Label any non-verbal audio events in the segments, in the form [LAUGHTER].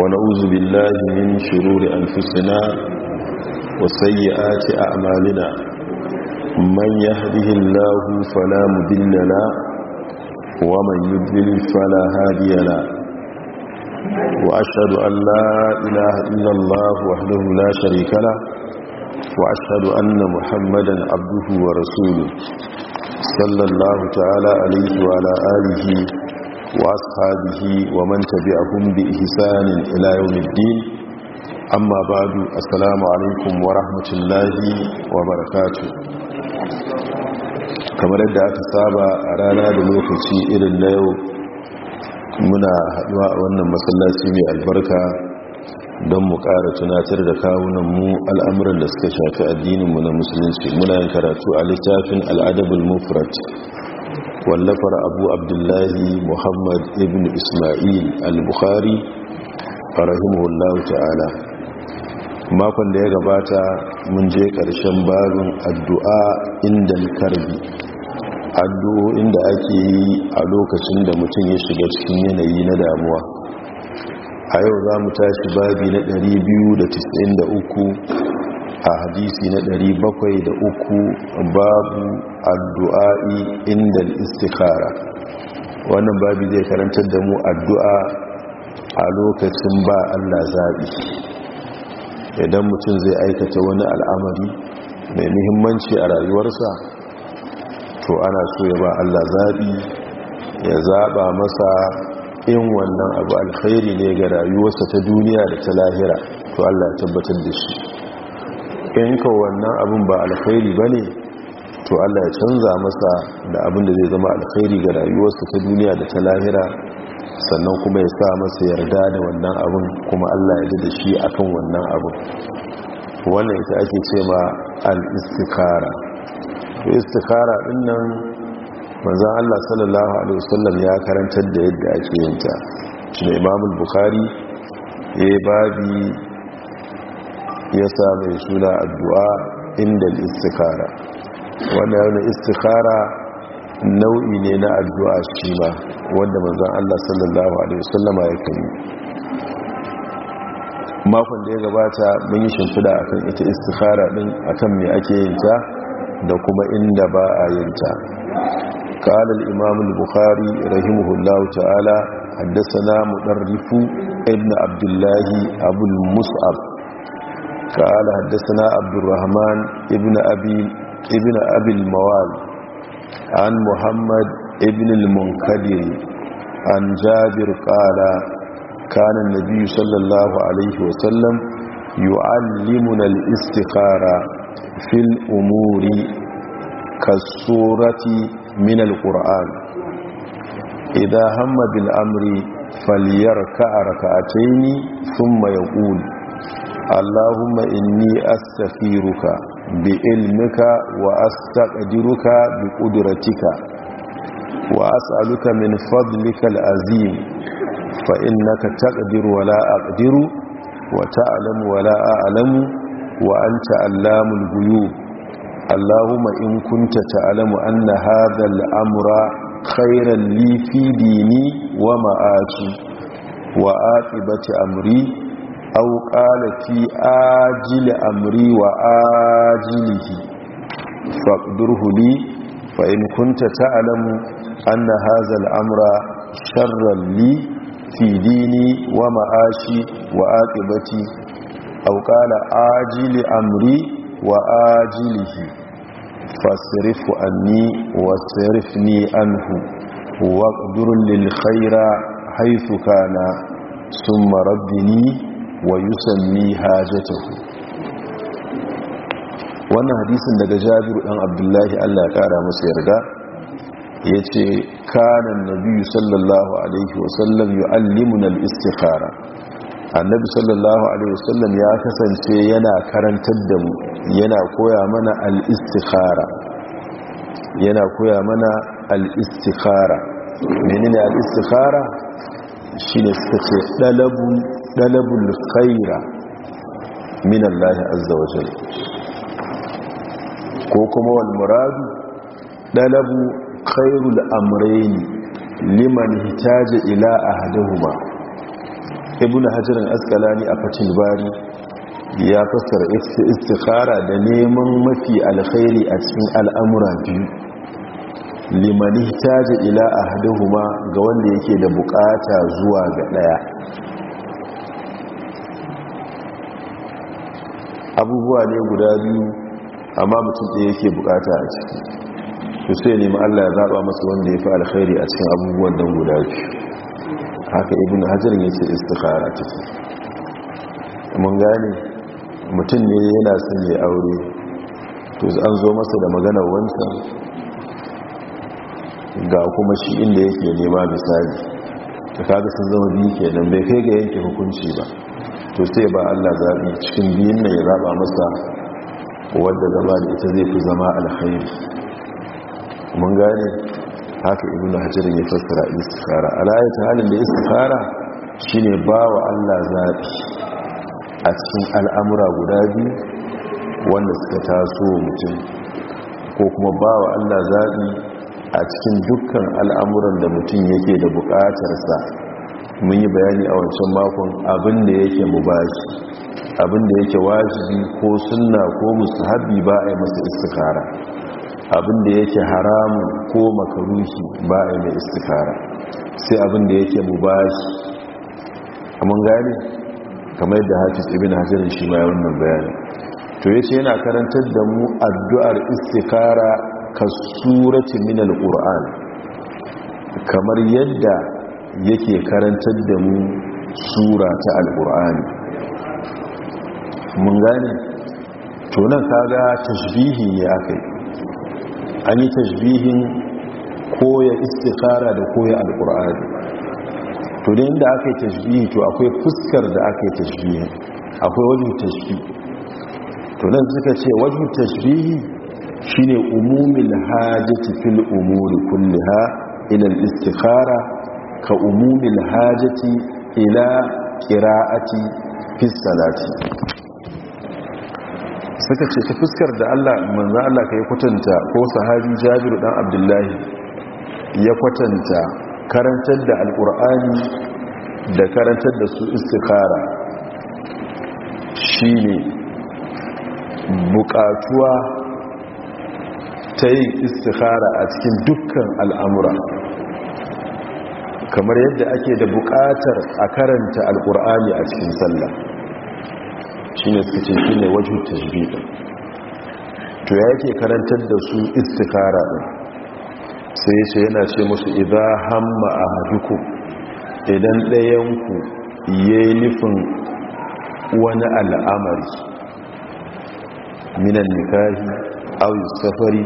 ونعوذ بالله من شرور أنفسنا وسيئات أعمالنا من يهده الله فلا مذل لا ومن يذل فلا هادي لا وأشهد أن لا إله إلا الله وحده لا شريك له وأشهد أن محمدا عبده ورسوله صلى الله تعالى عليه وعلى آله وأصحابه ومن تبعهم بإحسان إلى يوم Amma أما بعد alaikum عليكم ورحمة الله وبركاته kamar yadda aka saba a rana da lokaci irin na yau muna haɗuwa a wannan masallaci mai albarka don mu ƙara tunatar da kawunan mu al'amuran da suka shafi addininmu na musulunci muna yin karatu a littafin al'adabul mufrat wallafar abu abdullahi muhammad ibn ismail al-bukhari a rahimahullahu ta'ala makon da ya gabata mun je ƙarshen barin addu'a inda karbi addu'o'in da ake yi a lokacin da mutum ya shiga cikin yanayi na damuwa a yau za mu tashi babi na 293 a hadisi na ɗari bakwai da uku, babu addu'a'i inda istikhara wannan babu zai karantar da mu addu'a a lokacin ba Allah zaɓi idan mutum zai aikata wani al'amari mai muhimmanci a rayuwarsa to ana so ya ba Allah zaɓi ya zaɓa masa in wannan abu alkhairi ne ga rayuwarsa ta duniya da ta lahira to Allah ya tabbatar da shi in ka wannan abin ba alkhairi ba ne to allah ya canza masa da abin da zai zama alkhairi ga rayuwarsa ta duniya da ta lahira sannan kuma ya sa masa yarda da wannan abin kuma allah ya ji da shi akan wannan abin wannan ita ake ce ma al-istikara to istikara dinnan Allah sallallahu alaihi wasallam ya karantar da yadda ake yin ta da Imam Bukhari eh babi ya sa mai suna addu'a inda istikara wanda yana istikara nau'i ne na addu'a shi ba wanda manzan Allah sallallahu Alaihi wasallama ya kari makon da ya gabata mun yi shimfida akan ita istikara din akan mai ake yinta da kuma inda ba a yinta قال الإمام البخاري رحمه الله Ta'ala, حدثنا ɗan ابن ibn abdullahi أبو المصعب قال حدثنا عبد الرحمن ابن أبي ابن أبي الموال عن محمد ابن المنكدر عن جابر قال كان النبي صلى الله عليه وسلم يعلمنا الاستخارة في الأمور كالسورة من القرآن إذا هم بالأمر فليركع ركعتين ثم يقول Allahumma inni astaghfiruka bi ilmika wa astaqdiruka bi qudratika wa as'aluka min fadlika al-azim fa innaka taqdiru wa la aqdiru wa ta'lamu wa la a'lamu wa anta allamul ghuyub Allahumma in kunta ta'lamu anna hadha al-amra khayran li fi dini wa ma'ati wa aqibati amri au qala fi ajili amri wa ajilihi faqdurhu li fa in kunta ta'lamu anna hadha al-amra sharran li fi dini wa ma'ashi wa aqibati au qala ajili amri wa ajilihi fasrifu anni wasrifni anhu واقدر للخير حيث كان ثم ربني wa yusammi hajatahu wannan hadisin daga jabiru dan abdullahi Allah ya kara masa yarda yace kana nabiyyu sallallahu alaihi wasallam yu'allimuna al-istikhara annabi sallallahu alaihi wasallam ya kasance yana karantar da mu yana koya mana al-istikhara yana koya mana al-istikhara menene al-istikhara shine suka ce dalabu ɗalabul khaira min Allah azza wa jal ko kuma wal muradu ɗalabu khairul Amraini, liman hitaja ila ahaduhuma ibnu hajar al-asqalani a fatin bari ya fassara istikhara da neman mafi alkhairi a cikin al'amura biyu liman hitaja ila ahaduhuma ga wanda yake da bukata zuwa ga daya abubuwa ne guda biyu amma mutum ɗaya yake bukata a ciki to sai ne Allah ya zaɓa masa wanda ya fi alkhairi a cikin abubuwan don guda biyu haka ibn hajar ne ce istikhara ciki mun gane mutum ne yana son ya aure to an zo masa da maganar wanta ga kuma shi inda yake nema misali ta kaga sun zama biyu kenan bai kai ga yanke hukunci ba to sai ba Allah zaɓi cikin biyun nan ya zaɓa masa wadda zama da ita zai fi zama alhairi mun gane haka ibn hajar ya fassara istikhara alayat halin da istikhara shine bawa Allah zaɓi a cikin al'amura guda biyu wanda suka taso mutum ko kuma bawa Allah zaɓi a cikin dukkan al'amuran da mutum yake da buƙatarsa mun yi bayani a wancan makon abin da yake mubashi abin da yake wajibi ko sunna ko mustahabi ba a yi masa istikara abin da yake haramu ko makaruhi ba a yi mai istikara sai abin da yake mubashi mun gane kamar yadda hafiz ibn hajjar shi ma wannan bayani to yace yana karantar da mu addu'ar istikara ka surati min alquran kamar yadda yake karantar da mu sura ta alkur'ani mun gane tunan kaga tashbihi ne aka yi an yi tashbihin koya istikara da koya alkur'ani to da inda aka yi tashbihi to akwai fuskar da aka yi tashbihi akwai wajen tashbihi to nan suka ce wajen tashbihi shine umumin hajjati fil umuri kulliha ila al-istikhara ka umumin hajjati ila kira'ati fissalati suka ce ta fuskar da allah manzan allah ka kwatanta ko sahabi jabiru dan abdullahi ya kwatanta karantar da alkur'ani da karantar da su istikara shi ne bukatuwa ta yin istihara a cikin dukkan al'amura kamar yadda ake da buƙatar a karanta alkur'ani a cikin sallah shi ne suka ce shi ne wajen to ya yake karantar da su istikara ɗin sai ya yana ce musu idan hamma a idan ɗayanku ya yi nufin wani al'amari minan nikahi au safari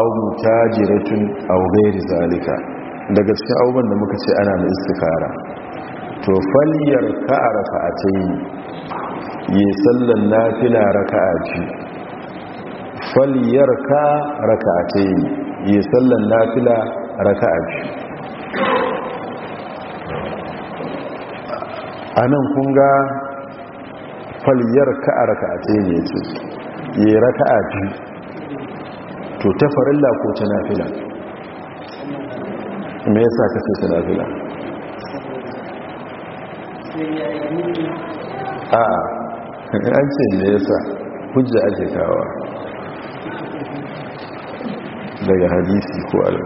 au mutajiratun a gairi zalika daga cikin abubuwan da muka ce ana mai istikara to faliyar ka'a raka'atai yi sallan nafila a ce raka ka'a raka'atai yi sallan nafila a ce a nan kunga faliyar ka'a raka'atai ne ce yi a ce to ta farilla ko ta nafila me yasa ka ce salafila a an ce me yasa hujja ake kawa daga hadisi ko al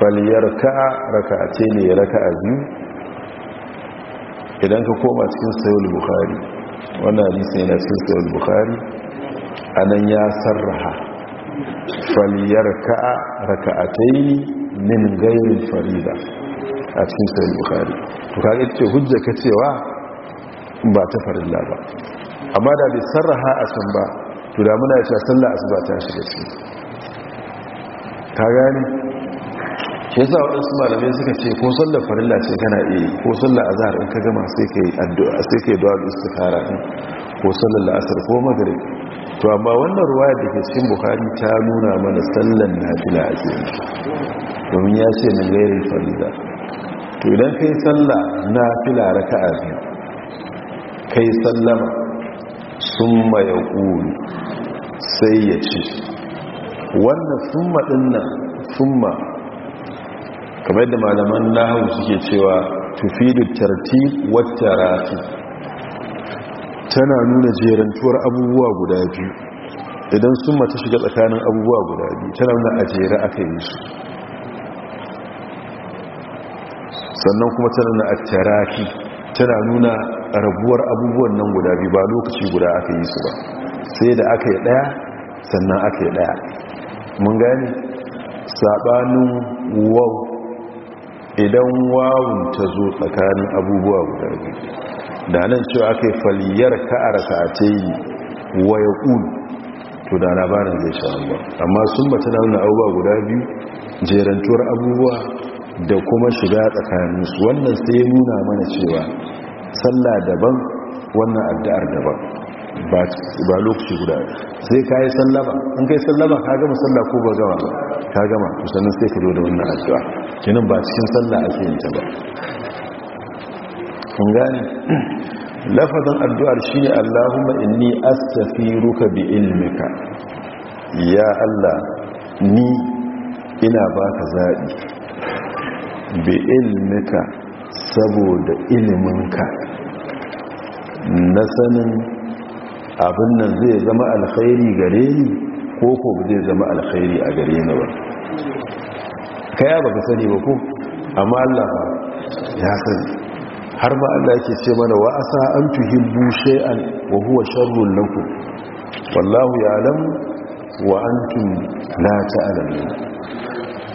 faliyar ka raka a ce ne raka a biyu idan ka koma cikin sayul bukhari wannan hadisi yana cikin sayul bukhari a nan ya sarraha faliyarka raka'ataini min gairin farida a cikin sahih bukari bukari ce hujja ka cewa ba ta farilla ba amma da bai sarraha a san ba to da muna cewa sallah asuba ta shiga ce ka gani? ke sa waɗansu malamai suka ce ko sallar farilla ce kana iya ko sallar azhar in ka gama sai kai addu'a sai kai da istikhara ko sallar la'asar ko maghrib to amma wannan ruwaya da ke cikin buhari ta nuna mana sallan nafila ake yi domin ya ce min gairin farida to idan kai salla nafila a biyu kai sallama sun maye ƙuri sai ya ce wannan summa ɗinnan summa kamar da malaman nahu suke cewa tufidu tartib wata ratu. tana nuna jerantuwar abubuwa guda biyu idan sun mata shiga tsakanin abubuwa guda biyu tana nuna a jere aka yi su sannan kuma tana nuna a taraki tana nuna rabuwar abubuwan nan guda biyu ba lokaci guda aka yi su ba sai da aka yi ɗaya sannan aka yi ɗaya mun gani saɓanin wau idan wawun ta zo tsakanin abubuwa guda biyu da nan cewa aka yi faliyar ka'ara ka a ta yi wa ya ƙun to da labarin zai sha ba amma sun ba tana nuna abubuwa guda biyu jerantuwar abubuwa da kuma shiga tsakaninsu wannan sai ya nuna mana cewa sallah daban wannan addu'ar daban ba lokaci guda sai ka yi sallama in ka yi sallama ka gama sallah ko ba gama ka gama kusanin sai ka zo da wannan addu'a kinan ba cikin sallah ake yin ta ba kun gane lafazin addu'ar shi ne allahumma inni astafiruka bi ilmika ya allah ni ina baka zaɓi bi ilmika saboda iliminka na sanin abin nan zai zama alkhairi gare ni ko ko zai zama alkhairi a gare ni ba kaya ka sani ba ko amma allah ya sani har ma Allah yake ce mana wa asa an tuhibbu shay'an wa huwa sharrun lakum wallahu ya'lamu wa antum la ta'lamun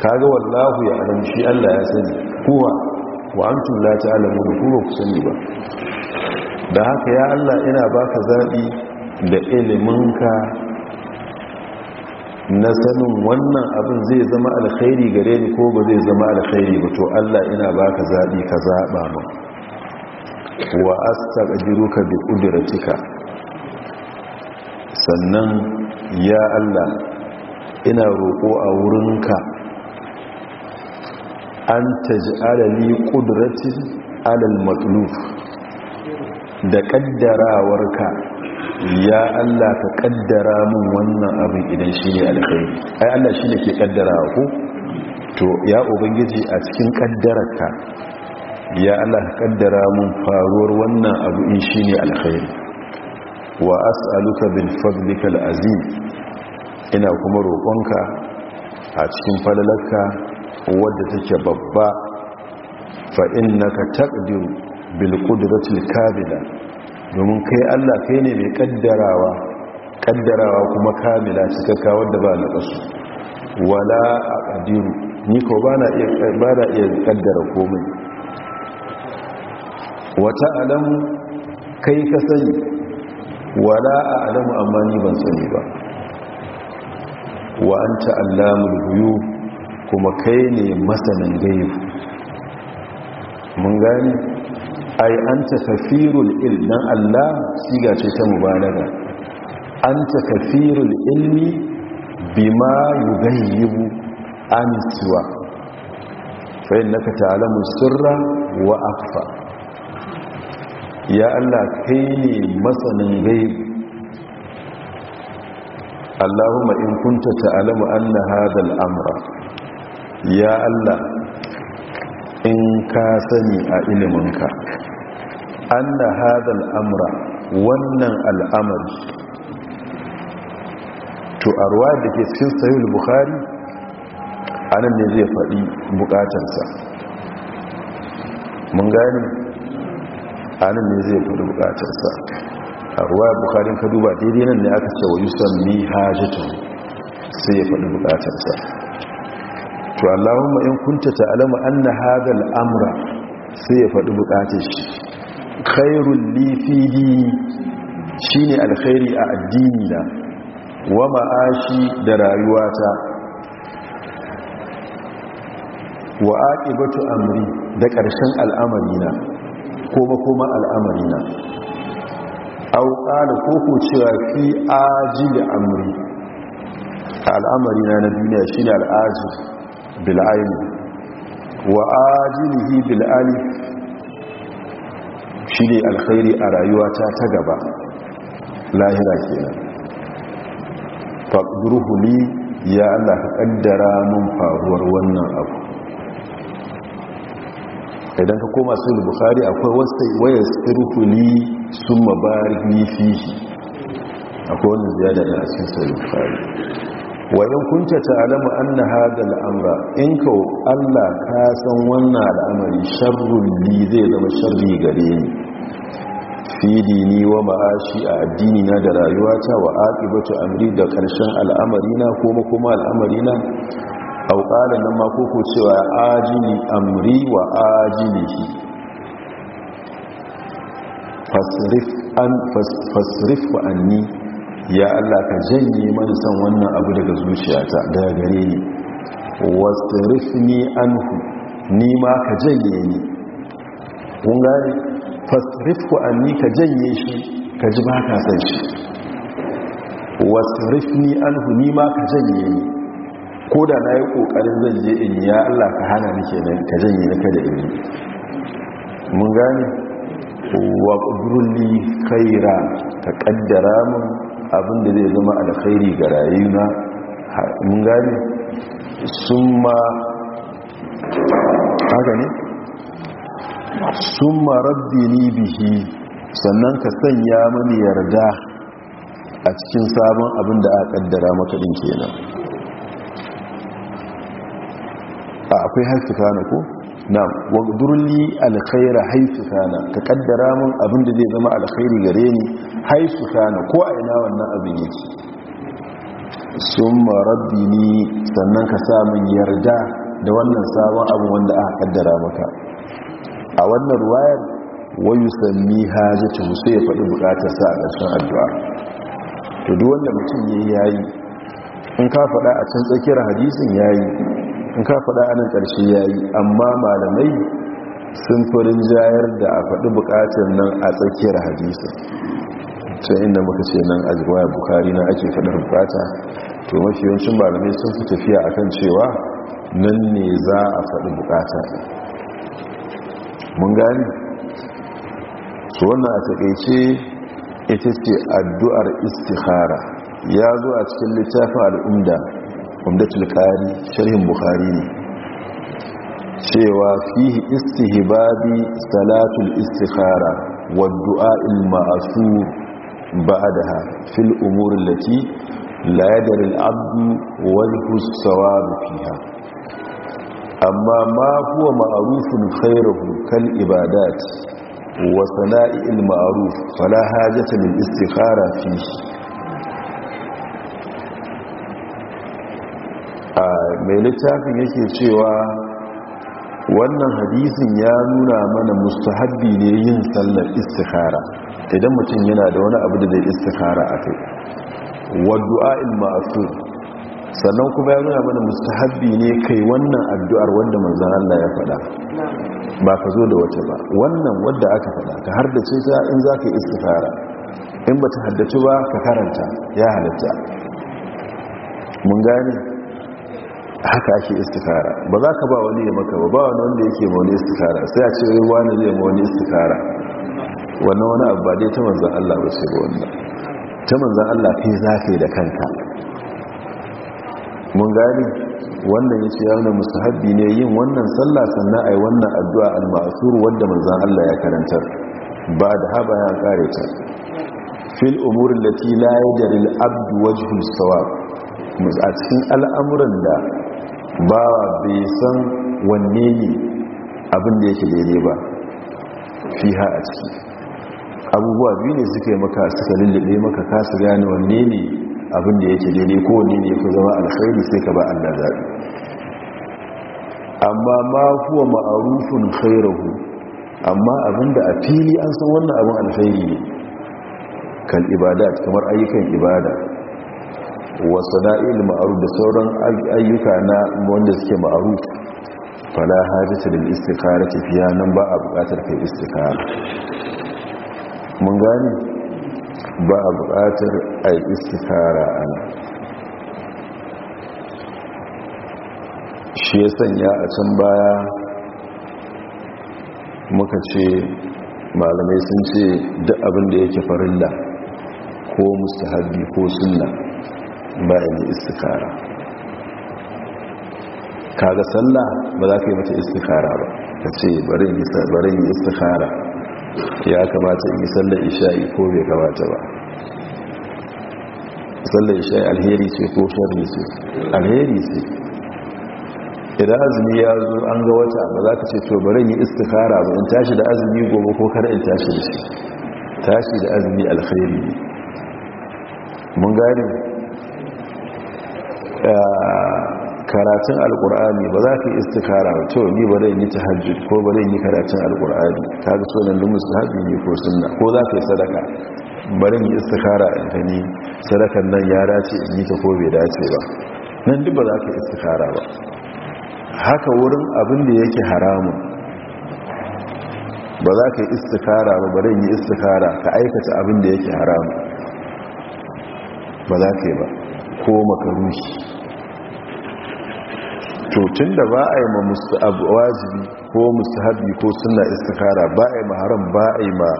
kaga wallahu ya'lamu shi Allah ya sani kuwa wa antum la ta'lamun ku ba ku sani ba da haka ya Allah ina baka zabi da iliminka na sanin wannan abin zai zama alkhairi gare ni ko ba zai zama alkhairi ba to Allah ina baka zabi ka zaba mu wa ka bi udratika sannan ya Allah ina roƙo a wurinka an taj'ala li ala al matluf da kaddarawarka ya Allah ka kaddara min wannan abin idan shine alkhairi ai Allah shine ke kaddara ku to ya ubangiji a cikin kaddararka ya Allah kaddara mun faruwar wannan abu in shine alkhairi wa as'aluka bil fadlika azim ina kuma roƙonka a cikin falalarka wadda take babba fa innaka taqdiru bil qudratil kamila domin kai Allah kai ne mai kaddarawa kaddarawa kuma kamila cikakka wadda ba na kasu wala aqdiru ni ko bana iya bana iya kaddara komai wata alamu kai ka sani wala a alamu amma ni ban sani ba wa an ta'allamul huyu kuma kai ne masanin gaibu mun gani ai an ta tafirul il Allah siga ce ta mubalaga an ta kafirul ilmi bima yugayyibu an siwa fa innaka ta'lamu sirra wa akfa ya Allah kai ne masanin gaib Allahumma in kunta ta'lamu anna hadha al-amra ya Allah in ka sani a iliminka anna hadha al-amra wannan al'amari to a ruwa da ke cikin sahihul bukhari anan ne zai faɗi buƙatarsa, mun gane anan ne zai faɗi bukatarsa a ruwa bukarin ka duba daidai nan ne aka ce wa yusan mi sai ya faɗi bukatarsa to allahumma in kunta ta'lamu anna hadha amra sai ya faɗi bukatar shi khairul shine alkhairi a addini na wa ma'ashi da rayuwata wa aqibatu amri da ƙarshen al'amari na ko koma al'amari na au da koko cewa fi ajili amri al'amari na na duniya shi ne al'ajil bil'ayin wa ajilihi bil'ani shi ne alkhairi a rayuwata ta gaba lahira kenan faɗurhu ni ya allah ƙaddara mun faruwar wannan abu idan ka koma sai bukhari akwai wasu waya sirkuli sun fi fihi akwai wani ziyada da asin sai bukhari wayan alama an na haɗa al'amra in ka Allah ka san wannan al'amari sharrul zai zama sharri gare ni fi dini wa ma'ashi a addini na da rayuwata wa bata amri da karshen al'amari na kuma kuma al'amari na auƙalin nan ma koko cewa ajini amri wa shi. fasrif wa anni ya Allah ka janye mani son wannan abu daga zuciyata daga gare ni wasrif ni anhu ni ma ka janye ni kun fasrif wa anni ka janye shi ka ji ba ka san shi wasrif ni anhu ni ma ka janye ni ko da na yi ƙoƙarin zan je in ya allah ka hana ni nan ka janye na kada in yi mun gane wa ƙudurli kaira ka ƙaddara mun da zai zama alkhairi ga rayuna mun gane sun ma haka ne sun ma rabbi ni bihi sannan ka sanya mani yarda a cikin sabon abin da aka ƙaddara maka ɗin kenan akwai haifu kana ko na wadurli alkhaira haifu kana ka kaddara mun abin da zai zama alkhairi gare ni haifu kana ko a ina wannan abin yake sun rabbi ni sannan ka samun yarda da wannan sabon abin wanda aka kaddara maka a wannan ruwayar wayu sanni hajjata musu ya faɗi sa a ƙarshen addu'a to duk wanda mutum yayi yi in ka faɗa a can tsakiyar hadisin ya yi in ka faɗa anan ƙarshe ya yi amma malamai sun turin jayar da a faɗi buƙatar nan a tsakiyar hadisu, sai inda muka ce nan a jiwaya bukari na ake faɗar buƙata to mafi yawancin malamai sun fi tafiya a kan cewa nan ne za a faɗi buƙata mun gani su wannan a taƙaice ita ce addu'ar istihara ya zo a cikin littafin al'umda umdatul kari sharhin bukhari ne cewa fihi istihbabi salatul istikhara wa du'a'il ma'asu ba'daha fil umur allati la yadri al abd wa al sawab fiha amma ma huwa ma'rufun khayruhu kal ibadat wa sana'i al-ma'ruf fala hajata lil istikhara fihi mai littafin yake cewa wannan hadisin ya nuna mana mustahabbi ne yin sallar istikhara idan mutum yana da wani abu da zai istikhara a kai wadda'a ilma'asur sannan kuma ya nuna mana mustahabbi ne kai wannan addu'ar wanda manzan Allah ya faɗa ba ka zo da wata ba wannan wadda aka faɗa ka haddace ta in za ka yi istikhara in ba ta haddace ba ka karanta ya halatta mun gane haka ake istikara ba za ka ba wani ya maka ba ba wani wanda yake ma wani istikara sai a ce wani ne ma wani istikara wannan wani abu ba dai ta manzan Allah ba ce ba wannan ta manzan Allah kai za ka yi da kanka mun gani wannan ya ce ya wani musahabi ne yin wannan sallah sannan a yi wannan addu'a al-ma'asur wanda manzan Allah ya karantar ba da haba ya kare ta fil umurin da ti la yadda abdu wajhul sawab a cikin al'amuran da ba bai san wanne ne abin da yake daidai ba ha a ciki abubuwa biyu ne suka yi maka suka lullube maka kasa gane wanne ne abin da yake daidai ko wanne ne ku zama alkhairi sai ka ba Allah zaɓi amma ma kuwa ma'arufin khairahu amma abin da a fili an san wannan abin alkhairi ne kan ibada kamar ayyukan ibada wasu na'il ma'aruf da sauran ayyuka na wanda suke maaru fala su da istikara tafiya nan ba a bukatar kai istikara mun gani ba a bukatar a yi istikara ana shi ya sanya a can baya muka ce malamai sun ce duk abinda da yake farilla ko musta ko sunna bayan istikara kaga sallah ba za ka yi mata istikara ba ka ce bari yi istikara ya kamata in yi sallar isha'i ko bai kamata ba sallar isha'i alheri ce ko shari ce alheri ce idan azumi ya zo an ga wata ba za ka ce to bari yi istikara ba in tashi da azumi gobe ko kar in tashi da shi tashi da azumi alheri mun gane karatun alkur'ani ba za ka yi istikara ba to ni ba zan yi Hajji ko ba zan yi karatun alkur'ani ta ga sunan da Hajji ne ko sunna ko za ka yi sadaka ba zan yi istikara in ta ni sadakan nan ya dace in yi ta ko bai dace ba nan duk ba za ka yi istikara ba haka wurin abin da yake haramu ba za ka yi istikara ba ba zan yi istikara ka aikata abin da yake haramu ba za ka yi ba ko makarushi to da ba a yi ma musu abuwazi ko mustahabi ko suna istikara ba a yi ma haram ba a yi ma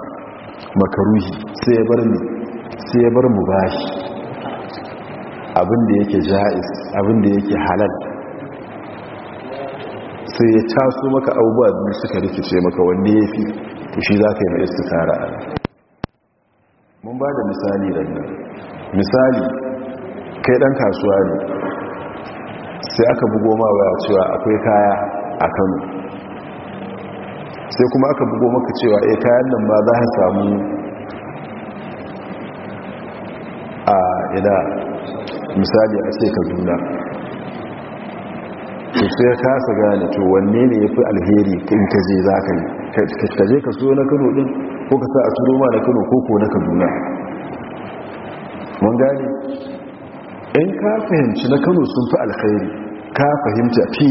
makarushi sai bar ne sai bar ba shi abinda yake ja'is abinda yake halal sai ya taso maka abubuwa biyu suka rikice maka wanda ya fi to shi za ka yi mai istikara mun ba da misali da misali kai dan kasuwa ne sai aka bugo ma waya cewa akwai kaya a kano sai kuma aka bugo maka cewa eh kayan nan ba za ka samu a ina misali a ce duna to sai ka kasa gane to wanne ne ya fi alheri in ka je za ka yi ka je ka so na kano din ko ka sa a turo ma na kano ko ko na kaduna mun gane in ka fahimci na kano sun fi alkhairi ka fahimci a fi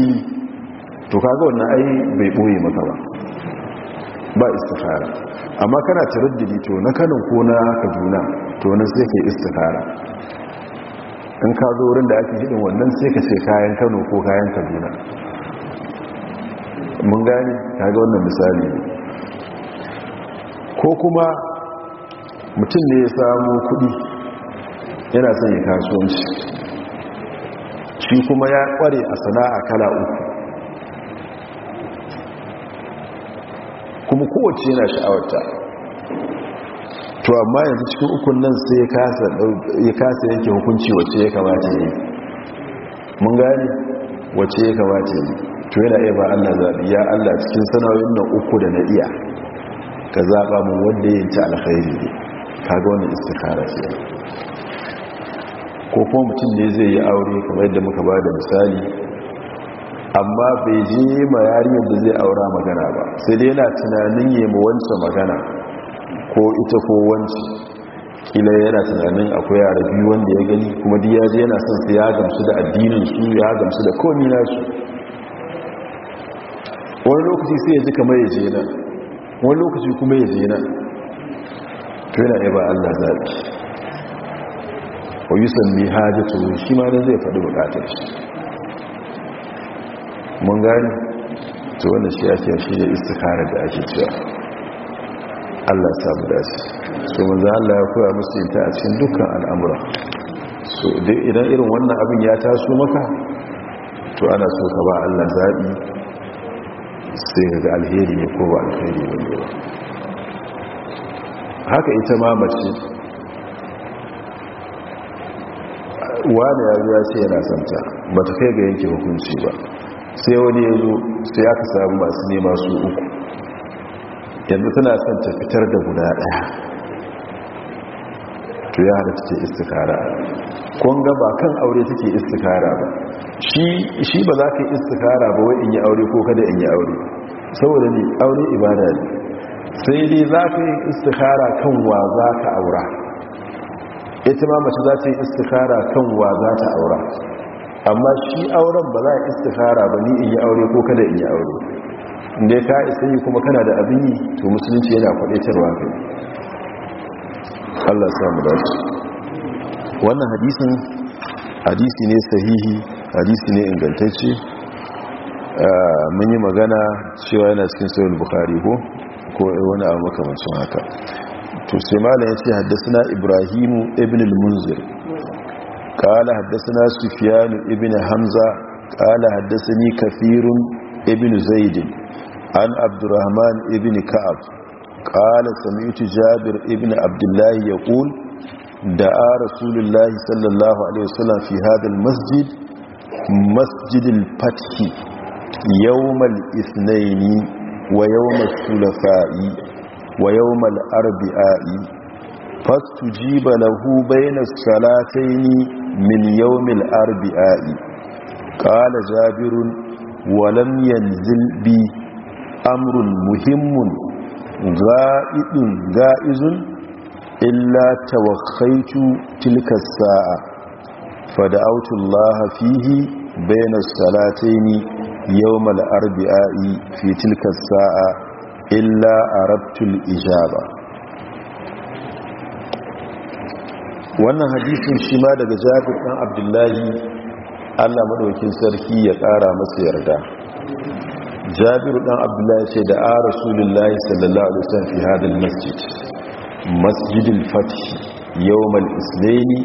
to kaga wannan ai bai ɓoye maka ba ba istifara amma kana taraddidi to na kano ko na kaduna to wani sai ka yi istifara in ka zo wurin da ake hidin wannan sai ka ce kayan kano ko kayan kaduna mun gani ga wannan misali ko kuma mutum ne ya samu kuɗi yana son ya kasuwanci shi kuma ya kware a sana'a kala uku kuma kowace yana sha'awarta to amma yanzu cikin ukun nan sai ya kasa yake hukunci wacce ya kamata yi mun gane wacce ya kamata yi to yana iya ba allah zaɓi ya allah cikin sana'o'in nan uku da na iya ka zaɓa mun wanda yin ta alkhairi ne kaga wani istikara ce ko ko mutum ne zai yi aure kamar yadda muka ba da misali amma bai ji ma yariyar da zai aura magana ba sai dai yana tunanin yamma wancan magana ko ita ko wancan. kila yana tunanin akwai yara biyu wanda ya gani kuma da yaji yana son su ya gamsu da addinin su ya gamsu da komi nasu wani lokaci sai ya ji kamar ya jena, wani lokaci kuma ya jena tuna to yana ba Allah zaki wa yi sami hajjata shi ma da zai faɗi buƙatar shi mun gani ta wannan shi ake shi da istikara da ake cewa allah samu dace su manzan allah ya koya musu yin ta a cikin dukkan al'amura idan irin wannan abin ya taso maka to ana so ka ba allah zaɓi sai ga alheri ne ko ba alheri ne ba haka ita ma mace wani ya zuwa ce yana santa ba ta kai ga yanke hukunci ba sai wani ya zo sai aka samu masu nema su uku yanzu tana son fitar da guda ɗaya to ya hada take istikara kun ga ba kan aure take istikara ba shi ba za ka yi istikara ba wai in yi aure ko kada in yi aure saboda ne aure ibada ne sai dai za ka yi istikara kan wa za ka aura ita ma mace za ta yi kara kan wa za ta aura amma shi auren ba za a istikhara ba ni in yi aure ko kada in yi aure inda ka isa yi kuma kana da abin yi to musulunci yana kwadaitarwa kai Allah samu dace wannan hadisin hadisi ne sahihi hadisi ne ingantacce ah, mun yi magana cewa yana cikin sayan bukari ko ko wani abu makamancin haka to ya ce haddasana ibrahimu ibn al-munzir kala haddasa sufyan ibn hamza kala haddasani ni kafirun ibn zaid an Abdurahman Ibin ka'ab ƙala sami'tu jabir Ibin abdullah yaqul da'a rasulullah sallallahu alaihi wasallam fi hadha al-masjid masjid Masjidin al fath yawm wa yawm al-thulatha'i wa yawmal arbi'i fastujiba lahu bayna salataini min yawmil arbi'i qala jabirun wa lam yanzil bi amrun muhimmun ga'idun ga'izun illa Wakaitu tilka sa'a fada'awtu Allah fihi bayna salataini yawmal arbi'i fi tilka sa'a illa a arabtul ijaba wannan hadisin shi ma daga jabir ɗan abdullahi allah maɗaukin sarki ya ƙara masa yarda Jabiru ɗan abdullahi ce da a rasulullahi sallallahu alaihi wasallam fi hadal masjid masjidil fathi yawmal islaini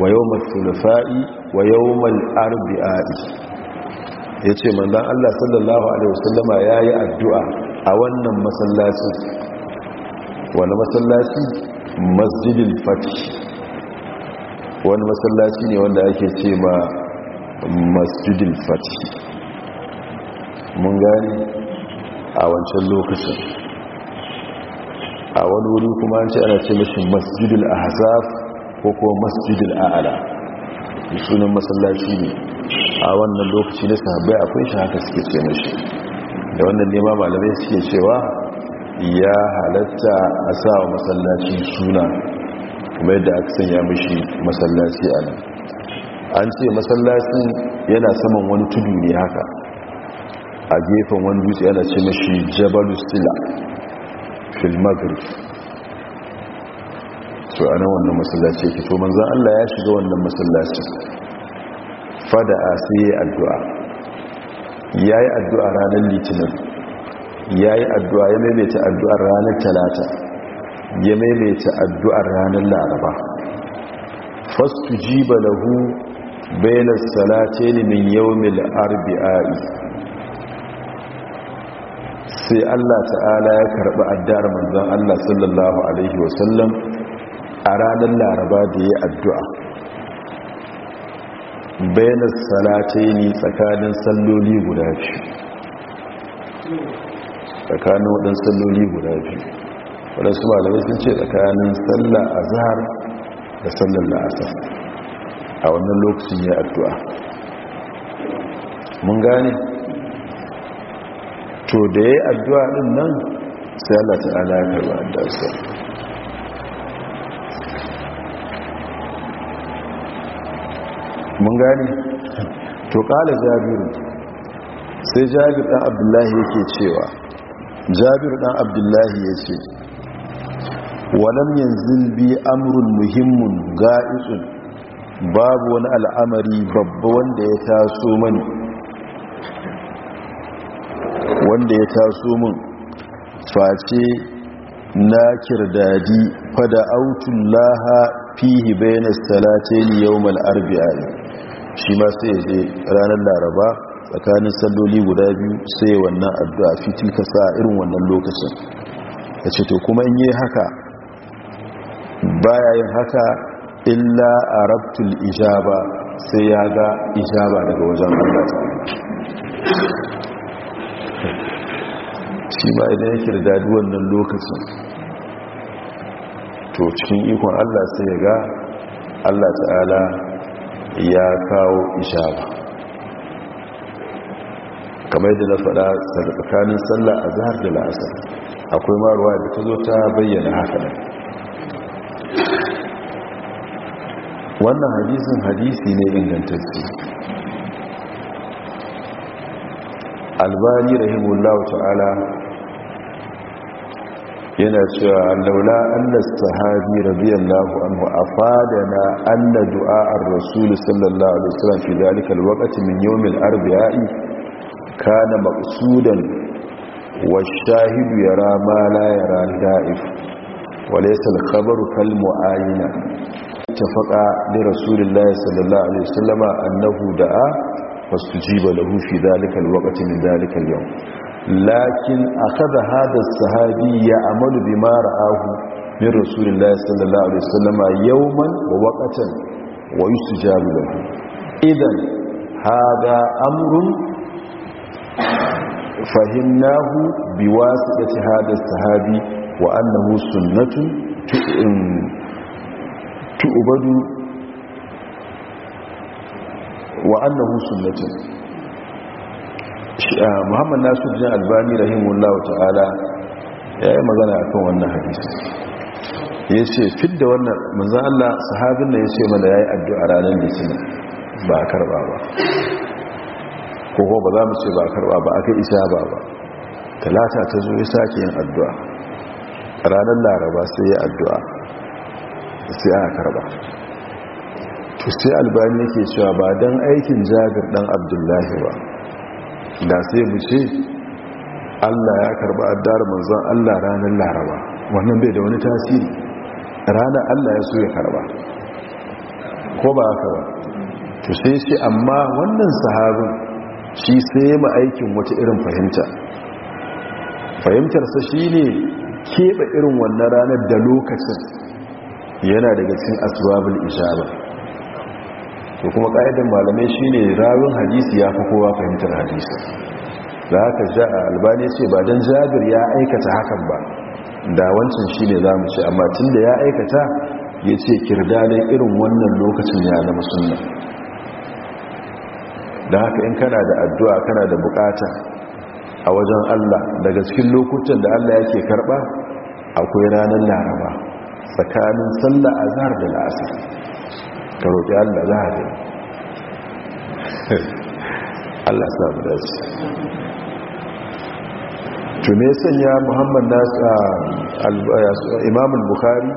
wa yawmal thulafa'i wa yawmal arbi'a'i yace manzon allah sallallahu alaihi ya yi addu'a a wannan masallaci wani masallaci masjidil Fati, wani masallaci ne wanda ake ce ma masjidil Fati mun gani a wancan lokacin a wani wuri kuma an ce ana ce mashi masjidil ahzab ko kuma masjidil a'ala sunan masallaci ne a wannan lokaci na sahabai akwai shi haka suke ce mashi da wannan nema malamai suke cewa ya halatta a sa wa matsalaci suna kuma yadda aka sanya mashi masallaci a nan an ce masallaci yana saman wani tudu ne haka a gefen wani dutse yana ce mashi jabalu stila fil maghrib so ana wannan masallaci ya to manzan Allah ya shiga wannan masallaci fada a sai addu'a ya yi addu'a ranar litinin ya yi addu'a ya maimaita addu'ar ranar talata ya maimaita addu'ar ranar laraba fastu ji ba bai bainar salate ne min yau mil arbi'a'i sai allah ta'ala ya karɓi addu'ar manzan allah sallallahu alaihi wasallam a ranar laraba da ya addu'a bayanar salatai ne tsakanin salloli guda biyu tsakanin waɗansu salloli guda biyu su malamai sun ce tsakanin sallar azhar da sallar la'asar a wannan lokacin ya addu'a mun gane to da ya yi addu'a ɗin nan sai Allah ta'ala ya karɓa addu'arsa gane to kala jabiru sai jabir dan abdullahi yake cewa jabir dan abdullahi ya ce walam yanzil bi amrun muhimmun ga'izun babu wani al'amari babba wanda ya taso mani wanda ya taso min face na kirdadi fada autullaha fihi bayna talatin yawmal arbi'a shi ma sai ya je ranar laraba tsakanin salloli guda biyu sai wannan addu'a fitil ka sa irin wannan lokacin ya ce to kuma in yi haka baya yin haka illa a rabtul ijaba sai ya ga ijaba daga wajen allata. shi ma idan yake da dadi wannan lokacin to cikin ikon Allah sai ya ga Allah ta'ala ya kawo ishara kamar da na faɗa tsakanin sallah a zahar da la'asar akwai maruwa da ta zo ta bayyana haka wannan hadisin hadisi ne ingantacce albani rahimullahu ta'ala yana cewa laula annas sahabi radiyallahu anhu afadana anna du'a ar-rasul sallallahu alaihi wasallam fi zalika al-waqt min yawm al-arba'i kana maqsudan wash-shahid yara ma la yara da'if wa laysa al-khabaru kal mu'ayina tafaqa li rasulillahi sallallahu alaihi wasallam annahu da'a fastujiba lahu fi zalika al-waqt min zalika al-yawm lakin akhadha hadha sahabi ya bi mara ahu, min rasulillahi sallallahu alaihi wasallama yawman wa wak'atan, wa su lahu idan hadha amrun fahimnahu biwasitati hadha sahabi wa annahu sunnatun tu'badu wa annahu sunnatun Ah, muhammad nasu jin albani rahimullah ta'ala ya yi magana a kan wannan hadisi ya ce fit da wannan manzan allah sahabin da ya ce mana ya yi addu'a ranar litinin ba a karba ba ko kuma ba za mu ce ba a karba ba a kai isa ba ba talata ta zo ya sake yin addu'a ranar laraba sai ya addu'a sai a karba to sai albani ke cewa ba don aikin jagir dan abdullahi ba da sai mu ce allah ya karba addar manzan allah ranar laraba wannan bai da wani tasiri ranar allah ya so ya karba ko ba haka ba to sai shi amma wannan sahabin shi sai ma aikin wata irin fahimta fahimtarsa shi ne keɓe irin wannan ranar da lokacin yana daga cikin asbabul ishara to kuma ƙa'idar malamai shine rawin hadisi ya fi kowa fahimtar hadisi da haka albani ce ba don jabir ya aikata hakan ba da wancan shi ne za mu ce amma tun da ya aikata ya ce kirdanin irin wannan lokacin ya zama musulma. da haka in kana da addu'a kana da bukata a wajen Allah daga cikin lokutan da Allah yake karba akwai ranar laraba tsakanin sallah azhar da la'asar ka roƙi allah za a gani [LAUGHS] allah sa mu dace ya sanya muhammad nasa imamul bukhari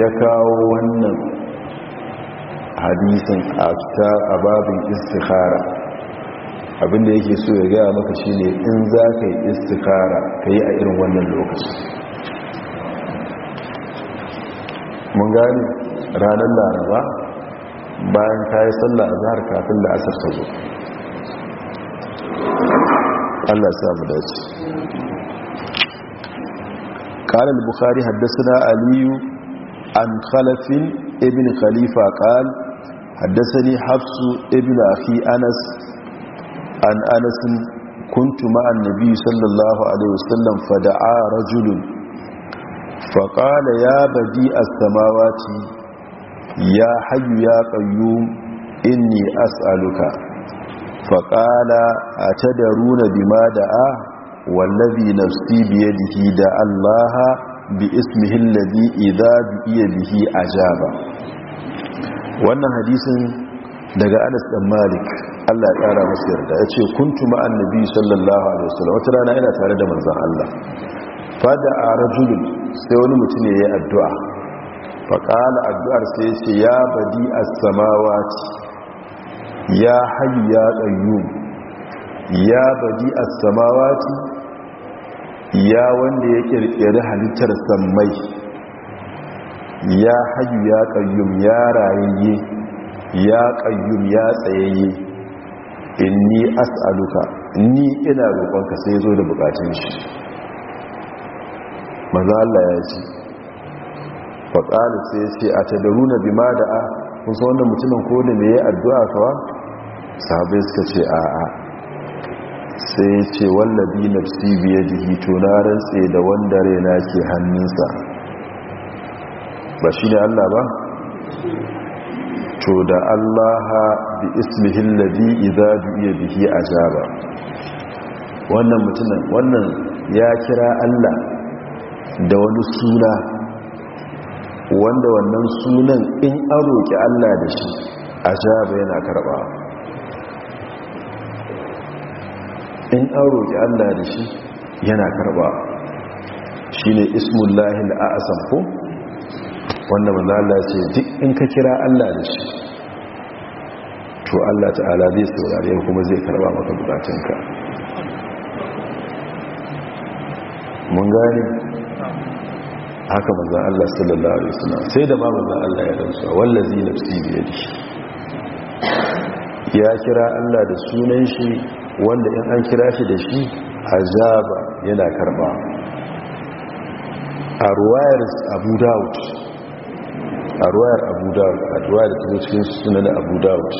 ya kawo wannan hadisin a babin istikhara abinda yake so ya gaya maka shi ne in za ka yi istikara ka yi a irin wannan lokaci mun gani ranar laraba bayan ta yi sallah a zahar kafin da asar ta zo allah samu dace قال البخاري حدثنا علي عن خلف ابن خليفة قال حدثني حفص ابن أخي أنس عن أنس كنت مع النبي صلى الله عليه وسلم فدعا رجل فقال يا بديء السماوات ya hayyu ya qayyum inni as'aluka da runa bima da'a wallazi nafsi biyadihi da allaha bi ismihi allazi idza bi a jaba. wannan hadisin daga Anas dan Malik Allah ya kara masu yarda yace kuntu ma annabi sallallahu alaihi wasallam wata rana yana tare da manzan Allah fada a rajulun sai wani mutum ya yi addu'a faƙala addu'ar sai ce ya badi a samawa ya hayu ya ɗanyu ya badi a samawa ya wanda ya ƙirƙiri halittar sammai ya hayu ya ƙayyum ya rayayye ya ƙayyum ya tsayayye inni as'aluka ni ina roƙonka sai zo da buƙatun shi maza Allah ya ce faƙali sai ya ce a tadaruna bi ma da'a kun san wannan mutumin ko da me ya addu'a kawa sahabai suka ce a'a sai ya ce wallabi nafsi biya jihi na rantse da wanda raina ke hannunsa ba shi ne allah ba to da allaha bi ismihin ladi idza du'iya bihi ajaba wannan mutumin wannan ya kira allah da wani suna wanda wannan sunan in an roƙi Allah da shi a jaba yana karɓa in an roƙi Allah da shi yana karɓa shi ne ismullahi la'asan ko wanda mazala ce duk in ka kira Allah da shi to Allah ta'ala zai saurari kuma zai karɓa maka bukatunka mun gane haka manzan Allah sallallahu alaihi wasallam sai da ma manzan Allah ya rantsuwa wallazi nafsi bi yadihi ya kira Allah da sunan shi wanda in an kira shi da shi azaba yana karba a ruwayar Abu Dawud a ruwayar Abu Dawud a ruwayar da take cikin sunan Abu Dawud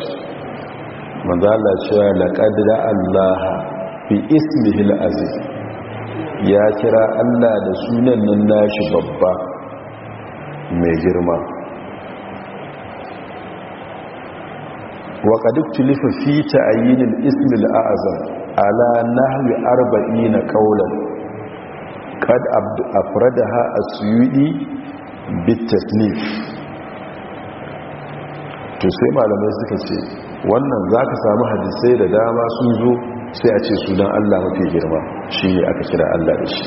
manzan Allah cewa laqad da Allah fi ismihi al-aziz ya kira Allah da sunan nan nashi babba mai girma waƙa duk tulifa fi ta'ayyinin ismil azam ala nahwi arba'i na ƙaunar kad afradaha asyu'i bit tasnif to sai malamai suka ce wannan zaka samu hadisai da dama sun zo sai a ce sunan allah mafi girma shi ne aka kira allah da shi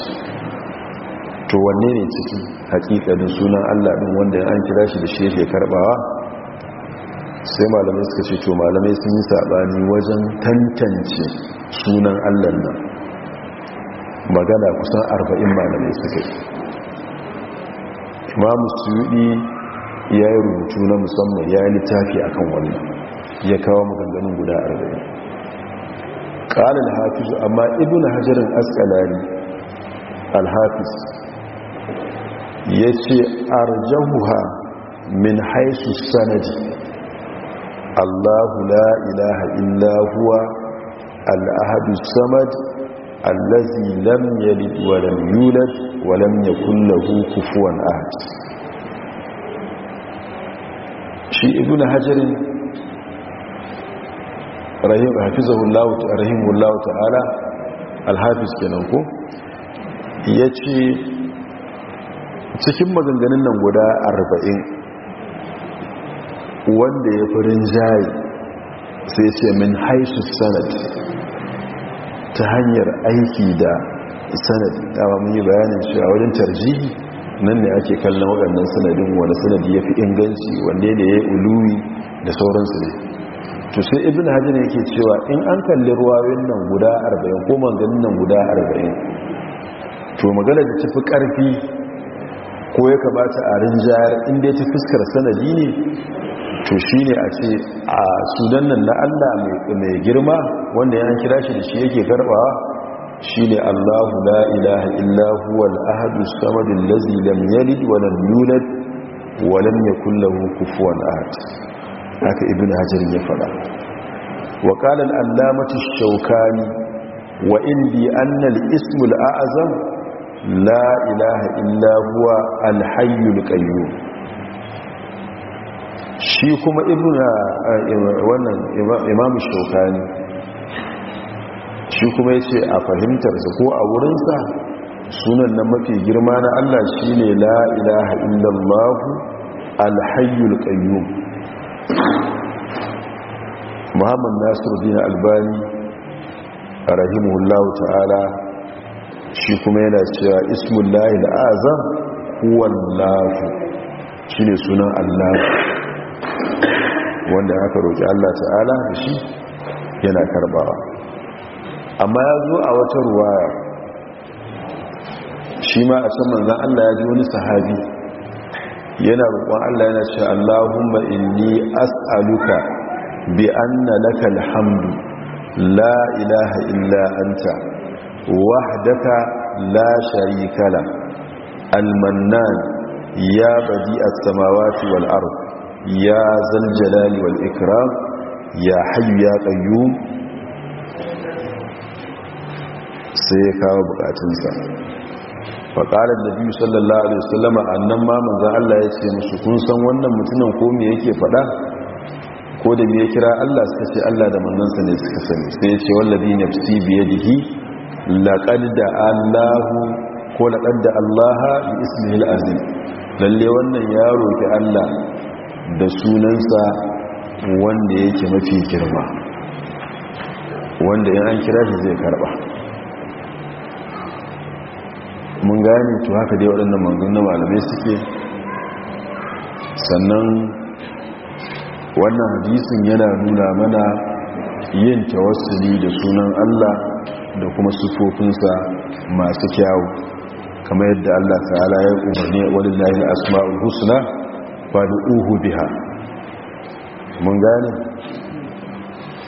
to wanne ne ciki hakikalin sunan allah ɗin wanda an kira shi da shi yake karɓawa, sai malamai suka ce to malamai sun yi saɓani wajen tantance sunan allah nan magana kusan arba'in malamai suka yi imamu suyudi ya yi rubutu na musamman ya yi littafi akan wannan ya kawo maganganun guda arba'in ƙalin hafizu amma ibn hajjarin askalari alhafiz ya ce arjahuha min haisu sanadi allahu la ilaha illahuwa al'ahadu samad allazi lam yalid wa lam yulad wa lam yakul lahu kufuwan ahad shi ibn hajjarin rahim hafizahullahu ta'ala alhafiz kenan ko yace cikin maganganun nan guda arba'in wanda ya farin jayi sai ce min haisu sanad ta hanyar aiki da sanadi ta mun yi bayanin cewa wajen tarjihi nan ne ake kallon waɗannan sanadin wani sanadi ya fi inganci wanda ne ya yi uluwi da sauransu ne to sai ibn hajar yake cewa in an kalli ruwayoyin nan guda 40 ko manganin nan guda 40 to magana da tafi karfi ko ya kamata a rinjayar inda ya ci fuskar sanadi ne to shi ne a ce a sudan nan na allah mai girma wanda ya kira shi da shi yake karbawa shi ne allahu la ilaha illahu wal ahadu samadin lazi lam yalid wa lam yulad wa lam yakullahu kufuwan ahad haka ibn hajar ya fada wa qala al-allamatu ash-shawkani wa indi anna al-ismu al-a'zam la ilaha illa huwa al-hayyul qayyum shi kuma ibn wannan imam ash-shawkani shi kuma yace a fahimtarsa ko a wurinsa sunan nan mafi girma na Allah shine la ilaha illallah alhayyul qayyum muhammad nasiruddin albani a rahimahullahu ta'ala shi kuma yana cewa ismullahi al'azam huwallahu shi ne sunan allah wanda aka roƙi allah ta'ala da shi yana karbawa amma ya zo a wata ruwaya shi ma a can manzan allah ya ji wani sahabi yana roƙon Allah yana ce Allahumma inni as'aluka bi anna lakal hamdu la ilaha illa anta wahdaka la sharika la almannan ya badi as-samawati wal ard ya zal jalali wal ikram ya hayyu ya qayyum sai ya kawo bukatunsa faƙarar da biyu sallallahu alaihi a annan ma manzan Allah ya ce musu kun san wannan mutumin ko me yake faɗa ko da ya kira Allah suka ce Allah da manzansa ne suka sani sai ya ce wallabi nafsi biyadihi laqad da Allahu ko laqad da Allah bi ismihi al lalle wannan ya roki Allah da sunansa wanda yake mafi girma wanda in an kira shi zai karba mun gane to haka dai waɗannan mangun na malamai suke sannan wannan hadisin yana nuna mana yin tawassuli da sunan Allah da kuma sufofinsa masu kyawu kamar yadda Allah ta'ala ya umarni walillahi al-asma'ul husna fad'uhu biha mun gane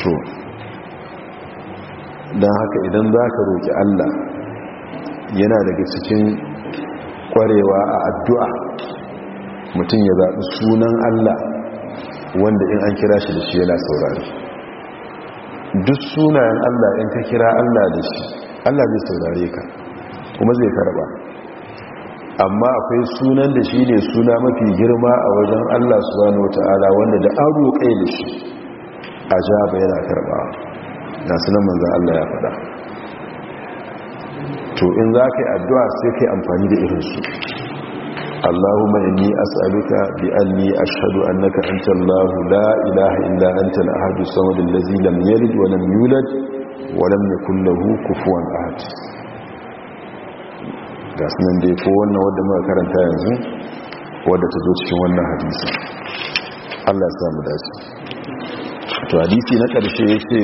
to dan haka idan zaka roki Allah yana daga cikin kwarewa a addu'a mutum ya zaɓi sunan Allah wanda in an kira shi da shi yana saurari duk sunayen Allah in ka kira Allah da shi Allah zai saurare ka kuma zai karɓa amma akwai sunan da shi ne suna mafi girma a wajen Allah subhanahu wata'ala wanda da an roƙe da shi a jaba yana karbawa na sunan manzan Allah ya faɗa to in za ka yi addu'a sai ka yi amfani da irinsu allahumma inni as'aluka bi anni ashhadu annaka anta allah la ilaha illa anta al-ahad as-samad allazi lam yalid wa lam yulad wa lam yakul lahu kufuwan ahad gasnan dai ko wannan wanda muka karanta yanzu wadda ta zo cikin wannan hadisi Allah ya samu dace to hadisi na ƙarshe ya ce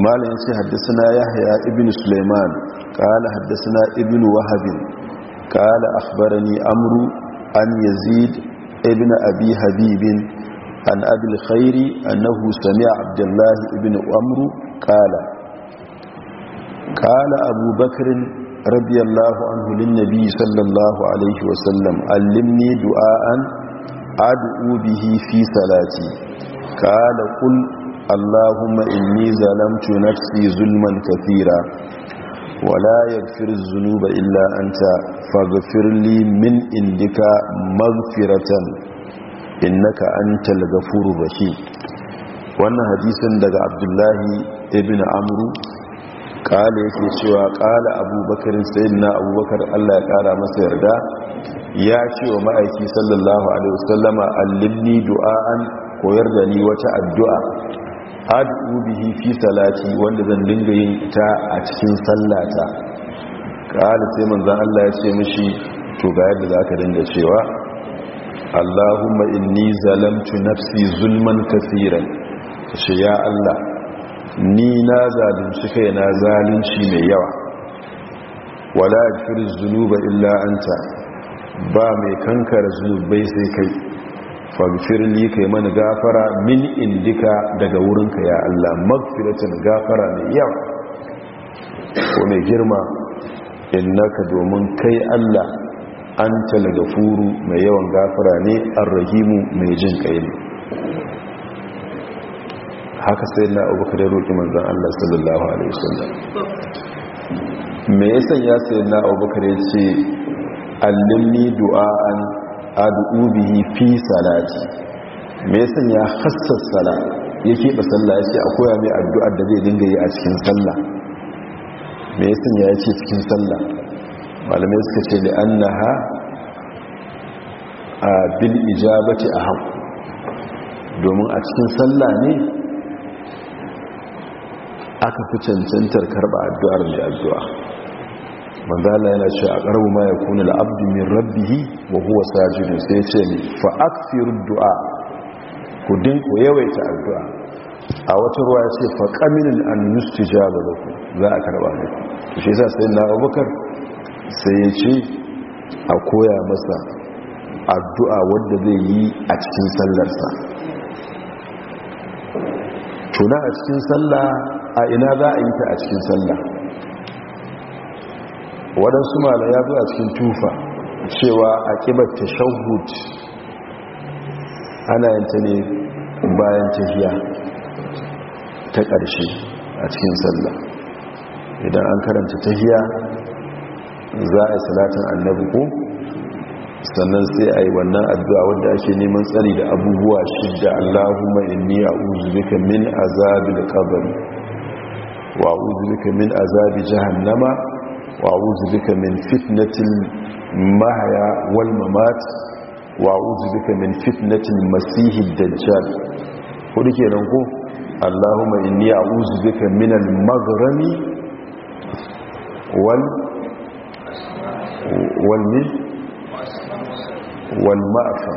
malin ce haddasa yahya ibn suleiman kala haddasa ibn wahabin kala akhbarani amru an yazid ibn abi habibin an abil khairi annahu sami'a abdullahi ibn amru kala kala abubakarin رضي الله عنه للنبي صلى الله عليه وسلم علمني دعاء أدعو به Allahumma inni zalamtu nafsi zulman kathira wala yaghfir dhunuba illa anta faghfir min indika maghfiratan innaka antal ghafurur rahim wannan hadisin daga Abdullahi ibn Amru kala yake cewa kala abubakar sayyidina abubakar Allah ya kara masa yarda ya ce wa ma'aiki sallallahu alaihi wasallama allimni du'a'an koyar da ni wata addu'a ad'u bihi fi salati wanda zan dinga yin ita a cikin sallata qala sai manzon Allah ya ce mishi to ga yadda zaka dinga cewa Allahumma inni zalamtu nafsi zulman kaseeran ce ya Allah ni na zalunci kaina zalunci mai yawa wala yaghfiru dhunuba illa anta ba mai kankar zunubai sai kai faghfir li kai mana gafara min indika daga wurinka ya Allah magfiratan gafara mai yawa ko mai girma innaka domin kai Allah anta lagafuru mai yawan gafara ne arrahimu mai jin kai ne haka sai na abubakar roƙi manzon Allah sallallahu alaihi wasallam me yasa ya sai na abubakar ya ce allimni du'a'an adu'u bihi fi salati me yasan ya hassas sala ya keɓe sallah ya ce a koya mai addu'a da zai dinga yi a cikin sallah me yasan ya ce cikin sallah malamai suka ce da annaha a bil ijabati a hau domin a cikin sallah ne aka fi cancantar karɓa addu'ar mai addu'a manzala yana ce a ƙarbu ma ya kuna la'abdi min rabbihi wa huwa sajidu sai ya ce fa aksir du'a ku yawaita addu'a a wata ruwa ya ce fa kaminin an yustijaba lakum za a karba ne shi yasa sai na abubakar sai ya ce a koya masa addu'a wadda zai yi a cikin sallarsa tuna a cikin sallah a ina za a yi ta a cikin sallah waɗansu mala ya zo a cikin tufa cewa a ƙibar tashahud ana yanta ne bayan tafiya ta ƙarshe a cikin sallah idan an karanta tafiya za a yi salatin annabi ko sannan sai a yi wannan addu'a wadda ake neman tsari da abubuwa shidda allahumma inni a uzubika min azabi da kabari wa uzubika min azabi jahannama وأعوذ بك من فتنة المحيا والممات وأعوذ بك من فتنة المسيح الدجال قولي كي نقول اللهم إني أعوذ بك من المغرم وال والمن والمأفى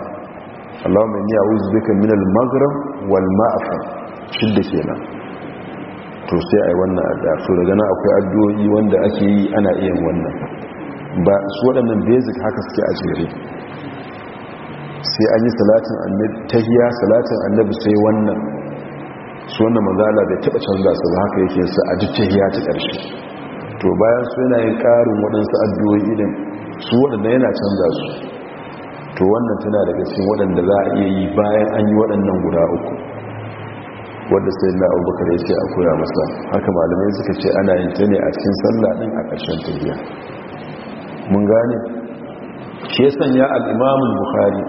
اللهم إني أعوذ بك من المغرم والمأفى يا نقول to sai a yi wannan addu'a so daga na akwai addu'o'i wanda ake yi ana iya wannan ba su waɗannan basic haka suke a jere sai an yi salatin annabi hiya salatin annabi sai wannan su wannan mazala bai taɓa canza su ba haka yake su a duk hiya ta ƙarshe to bayan su yana yin ƙarin waɗansu addu'o'i irin su waɗanda yana canza su to wannan tana daga cikin waɗanda za a iya yi bayan an yi waɗannan guda uku wadda sai na abubakar ya ce a koya masa haka malamai suka ce ana yin ta ne a cikin sallah a ƙarshen tafiya mun gane Ke ya sanya al'imamun buhari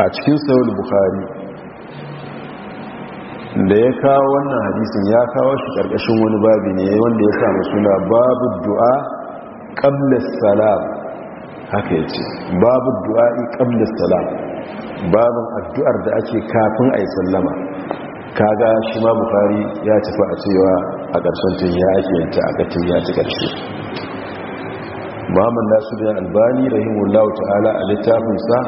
a cikin sauri buhari da ya kawo wannan hadisin ya kawo shi ƙarƙashin wani babi ne wanda ya samu suna babu du'a ƙamlis salam haka ya ce babu du'a'i ƙamlis salam babin addu'ar da ake kafin a yi sallama kaga shi ma bukari ya tafi a cewa a ƙarshen tun ya ake yanta a ƙarshen ya ci ƙarshe muhammad nasu da albani rahimullahu ta'ala a littafinsa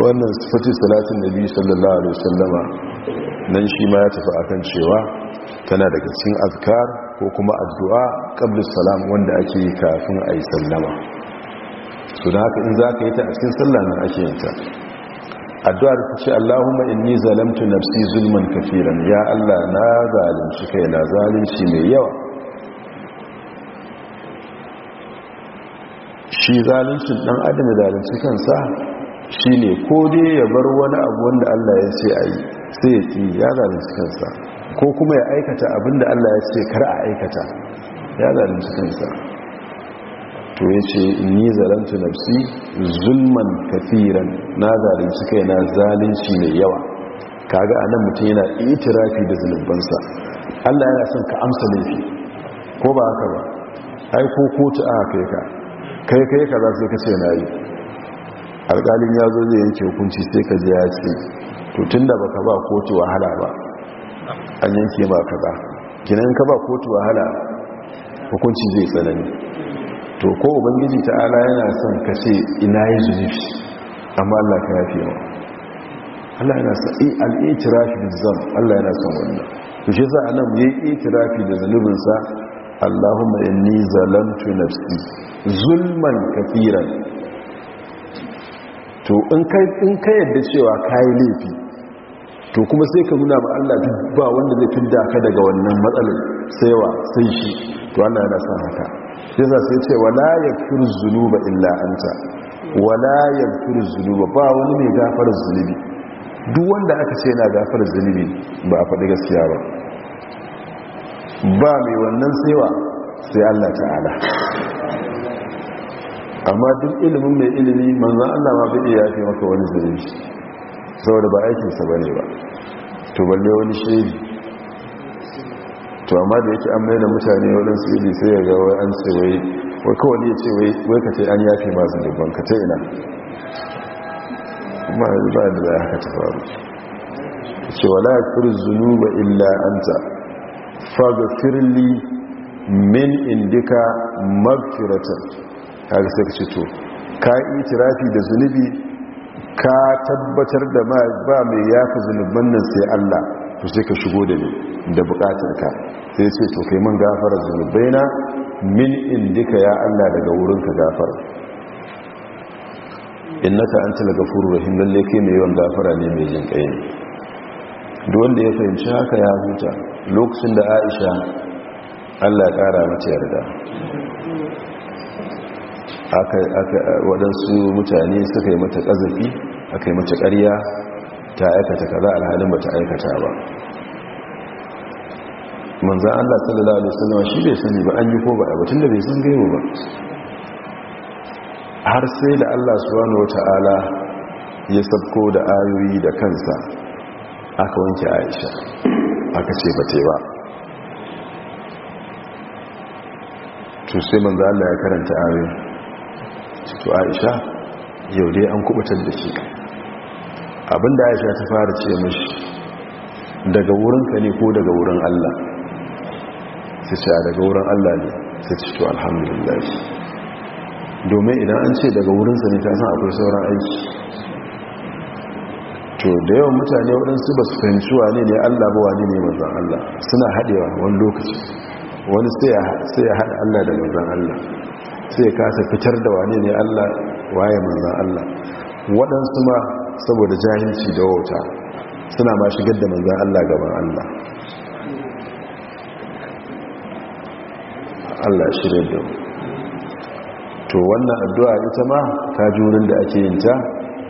wannan sifatis talatin da biyu sallallahu alaihi wasallama nan shi ma ya tafi kan cewa tana daga cikin azkar ko kuma addu'a qablis salam wanda ake yi kafin a yi sallama su da haka in za ka yi ta a cikin sallah ake yanta. addu'ar ku ce Allahumma inni zalamtu nafsi zulman kafiran ya Allah na zalunci kai na zalunci mai yawa shi zaluncin dan adam da zalunci kansa shine ko dai ya bar wani abu wanda Allah ya ce a yi sai ya ce ya zalunci kansa ko kuma ya aikata abinda Allah ya ce kar a aikata ya zalunci kansa to ya ce ni zalantu nafsi zulman kafiran na zalunci kai na zalunci mai yawa kaga a nan mutum yana itirafi da zunubansa allah yana son ka amsa laifi ko ba haka ba ai ko kotu aka kai ka kai kai ka za su ka ce na yi alƙalin ya zo zai yanke hukunci sai ka je ya ce to tun da baka ba kotu wahala ba an yanke ba ka ba kinan ka ba kotu wahala hukunci zai tsanani to ko ubangiji ta'ala yana son ka ce ina yi zunubi amma Allah ka yafe wa Allah yana son eh, al-i'tirafi bizam Allah yana son wannan to shi yasa anan yayi i'tirafi da zunubin sa Allahumma inni zalamtu nafsi zulman kafiran to in kai in ka yadda cewa kai laifi to kuma sai ka nuna ba Allah ba wanda zai fidda ka daga wannan matsalar sai wa sai shi to Allah yana son haka shi yasa sai ce wala yaghfiru dhunuba illa anta wala yaghfiru dhunuba ba wani mai gafarar zunubi duk wanda aka ce yana gafarar zunubi ba a faɗi gaskiya ba ba mai wannan saiwa sai Allah ta'ala amma duk ilimin mai ilimi manzan Allah ma bai ya fi maka wani zunubi saboda ba aikinsa bane ba to balle wani shaidi to amma da yake an maida mutane waɗansu iri sai ya ga wai an ce wai wai kawai ya ce wai ka ce an yafe masu dubban ka ce ina kuma ba da za haka ta faru ce wala kuri zunuba illa anta fagafirli min indika magfiratan haka sai ka ce to ka yi tirafi da zunubi ka tabbatar da ba mai yafi zunuban nan sai allah to sai ka shigo da ni da bukatarka sai ce to kai mun gafara zunubaina min indika ya Allah daga wurinka gafara innaka antal ghafurur rahim lalle kai mai yawan gafara ne mai jin kai duk wanda ya fahimci haka ya huta lokacin da Aisha Allah ya kara mata yarda aka aka wadansu mutane suka yi mata kazafi aka yi mata ƙarya ta aikata kaza alhalin ta aikata ba manzan Allah sallallahu alaihi wasallam shi bai sani ba an yi ko ba a batun da bai san gaibu ba har sai da Allah subhanahu wata'ala ya sabko da ayoyi da kansa aka wanke Aisha aka ce ba ba to sai manzan Allah ya karanta ayoyi to Aisha yau dai an kubutar da shi abinda Aisha ta fara ce mashi. daga wurinka ne ko daga wurin Allah ta ce a daga wurin Allah ne sai ta to alhamdulillah domin idan an ce daga wurinsa ne ta san akwai sauran aiki to da yawan mutane waɗansu ba su fahimci wane ne Allah ba wane ne manzan Allah suna haɗewa wani lokaci wani sai ya haɗa Allah da manzan Allah sai ya kasa fitar da wane ne Allah waye manzan Allah waɗansu ma saboda jahilci da wauta suna ma shigar da manzan Allah gaban Allah Allah shirin da to wannan addu'a ita ma ta jurin da ake yin ta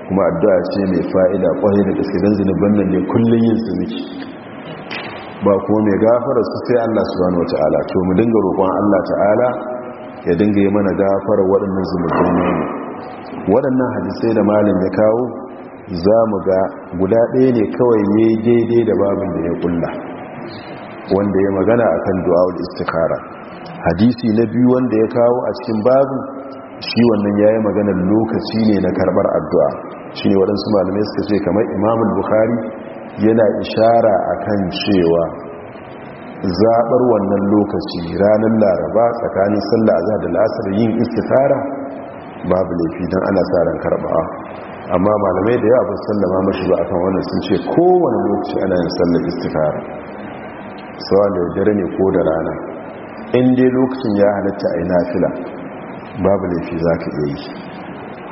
kuma addu'a ce mai fa'ida ƙwarai da gaske don zinubin nan ne kullum yin su miki ba kuma mai gafara su sai Allah subhanahu wata'ala to mu dinga roƙon Allah ta'ala ya dinga yi mana gafara waɗannan zunuban ne waɗannan hadisai da malam ya kawo za mu ga guda ɗaya ne kawai ya daidai da babin da ya ƙulla. wanda ya magana akan du'a ul istikara hadisi na biyu wanda ya kawo a cikin babu shi wannan ya yi maganar lokaci ne na karɓar addu'a shi ne waɗansu malamai suka ce kamar imamul buhari yana ishara a kan cewa zaɓar wannan lokaci ranar laraba tsakanin sallah za da la'asar yin istifara babu laifi don ana sa ran karɓawa amma malamai da yawa ba sallama mashi ba a kan wannan sun ce kowane lokaci ana yin sallar istifara sawa da dare ne ko da rana in lokacin ya halatta a ina fila babu laifi za ka iya yi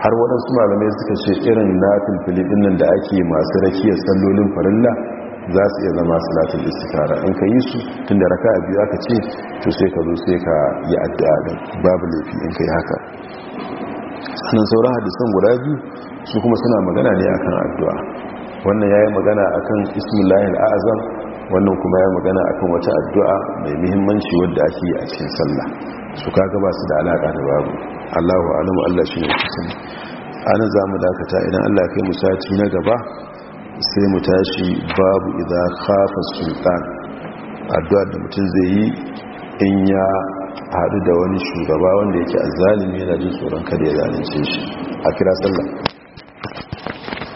har waɗansu malamai suka ce irin na filfili nan da ake masu rakiyar sallolin farilla za su iya zama salatin istikara in ka yi su tun da raka a biyu aka ce to sai ka zo sai ka yi addu'a babu laifi in ka yi haka sannan sauran hadisan guda biyu su kuma suna magana ne akan addu'a wannan ya yi magana akan ismillahil a'azan. wannan kuma ya magana akan wata addu'a mai muhimmanci wadda ake yi a cikin sallah su kaga ba su da alaƙa da babu Allahu alamu Allah shi ne kusan ana za mu dakata idan Allah kai mu sati na gaba sai mu tashi babu idan kafa sultan addu'a da mutum zai yi in ya haɗu da wani shugaba wanda yake azalimi yana jin tsoron kada ya zalunce shi a kira sallah